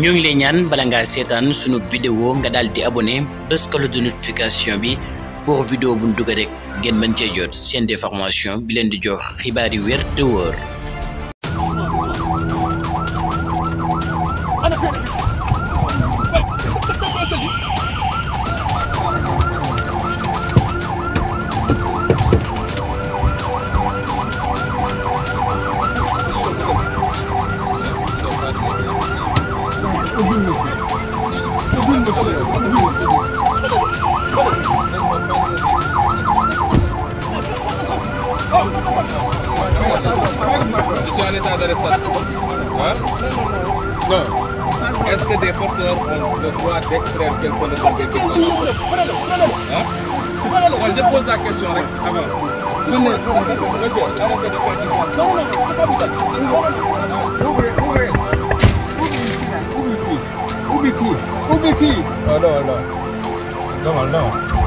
ñoo ngi lay ñaan bala ngaa seetaan sunu vidéo nga daal di abonné bës cloche de notification bi pour vidéo bu ñu dugal rek ngeen mën cee jot seen information bi leen di jox xibaar yi wér te wóor. Je suis à l'état de Hein? Non. Est-ce que des porteurs ont le droit d'extraire quelqu'un de son hein? Moi, je pose la question avant. Monsieur, arrêtez de faire du Non, non, non, non, non, non, non, non, Ubi fee. Oh, no, no. No, no.